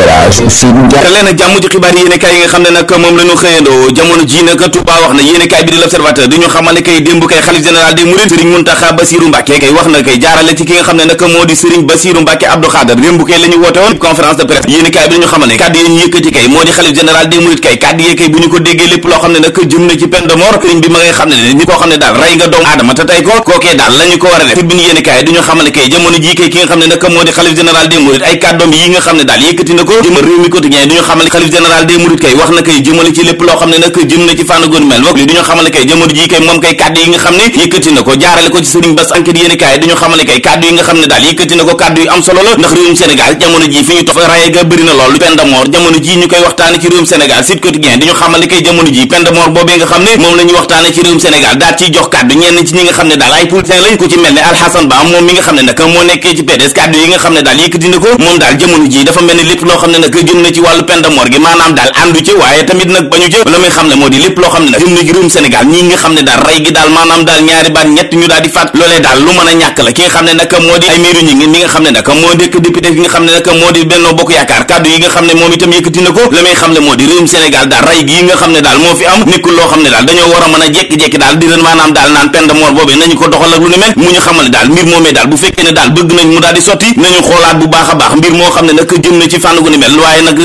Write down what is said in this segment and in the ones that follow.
opération Sidi te leena jàmm ci xibaar yi bi di ñu xamal ne kay kay bi dañu ñu a xamal ne kay jamono ji kay ki nga xam ne nag moo di xalif général des Mourides ay kàddoom yi nga xam ne daal yëkkati na ko jëm réew mi quotidien du ñu xamal xalif kay wax na fi ñu tof raye ga bëri na lool penda mor ñu koy waxtaane ci réewum Sénégal site quotidien du ñu xamal kay jamono ji penda boobee nga xam ne moom la waxtaane ci réewum Sénégal daal ciy jox kàddu ñenn ci ñi nga xam ne daal ay politicien lañ ku ci mel ne Alhassane Ba moom mi nga xam ne nag moo nekkee ci PDS kàddu yi nga xam ne daal yëkkati na ko moom daal jamono ji xam ne nag jëm na ci wàllu peine de mort gi maanaam daal àndu ci waaye tamit nag bañu ci la muy ne xam ne daal a ñàkk la moo di ay miiru ne nag moo nekk député bi nga xam ne nag loo xam ne daal dañoo a mën a jekki-jekki daal mbir moomee daal bu fekkee ne daal bëgg nañ mu daal sotti nañu xoolaat bu baax a baax mbir moo xam ne nag jëm na ci fànn ni mel da jëm na ci fànn gu mel yéeni waaye nag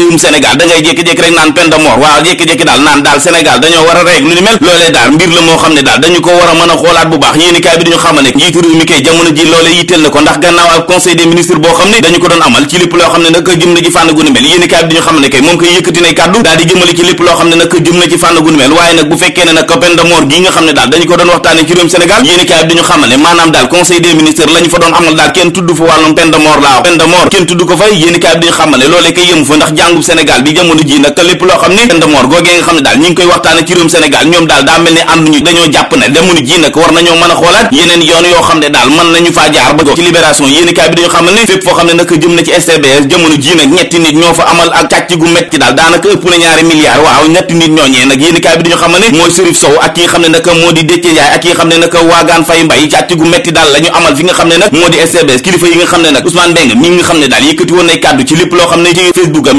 bu de mort gi nga xam ne daal dañu ko doon waxtaane ci réewum Sénégal yéeni kaay bi dañu xamal ne maanaam daal conseil des ministres lañu fa doon amal daal kenn tudd fa wàllum peine de mort laa peine de mort kenn tudd ko fay yéeni kaay bi dañu xamal ne loolee daanaka yëm fa ndax jàngub Sénégal bi jamono ji nag lépp loo xam ni dend moor googee nga xam ne daal ñi ngi koy waxtaane ci réewum Sénégal ñoom daal daa mel ni ànduñu dañoo jàpp ne jamono ji nag war nañoo mën a xoolaat yeneen yoon yoo xam ne daal mën nañu faa jaar ba ci libération yéenekaay bi dañu xamal ne fépp foo xam ne nag jëm na ci STBS jamono ji nag ñetti nit ñoo fa amal ak càcc gu metti daal daanaka ëpp na ñaari milliards waaw ñetti nit ñooñee nag yéenekaay bi dañu xamal ne mooy Serif Sow ak ki nga xam ne nag moo di Déthié Ndiaye ak ki nga xam ne nag Waagaan Fay Mbay càcc gu metti daal la ñu amal fi nga xam ne nag moo di STBS kilifa yi nga xam ne nag Ousmane Mbeng mi nga xam ne daal yëkkati woon nay kàddu ci lépp loo xam ne Facebook am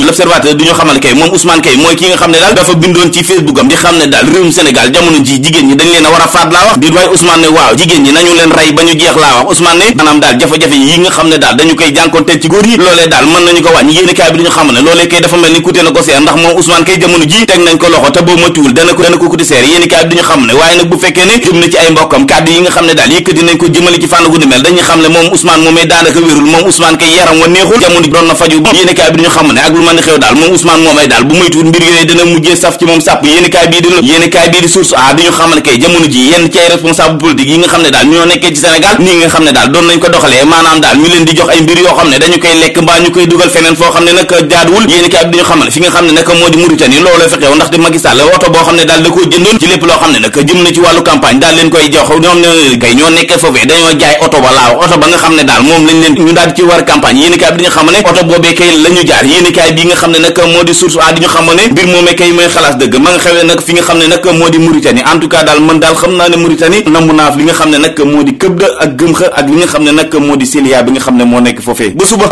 loolee kay dafa mel ni coûté na ko seer ndax moom Ousmane kay jamono ji teg nañ ko loxo te boo matuwul dana dana ko coûté seer yéen kaay bi du xam ne waaye nag bu fekkee ne jëm na ci ay mbokkam kàddu yi nga xam ne daal yëkkati nañ ko jëmale ci fànn gu ni mel dañuy xam ne moom Ousmane moomee daanaka wérul moom Ousmane kay yaram wa neexul jamono ji doon na faju yéen kaay bi xam ak lu mën a xew daal moom Ousmane Momay daal bu moytuwul mbir yooyu dina mujjee saf ci moom sàpp yéeni kay bi di ñu xamal kay ñoo nekkee foofee dañoo jaay oto ba laaw oto ba nga xam ne daal moom lañ leen ñu daal ci war campagne yéeni kaay bi di ñu ne oto boobee kay lañu jaar yéenekaay bi nga xam ne nag moo di source a di ñu xamal ne mbir moomee kay mooy xalaas dëgg ma nga xewee nag fi nga xam ne nag moo di Mauritanie en tout cas daal man daal xam naa ne Mauritanie nambu li nga xam ne nag moo di këb da ak gëm xa ak li nga xam ne nag moo di Sélia bi nga xam ne moo nekk foofee ba suba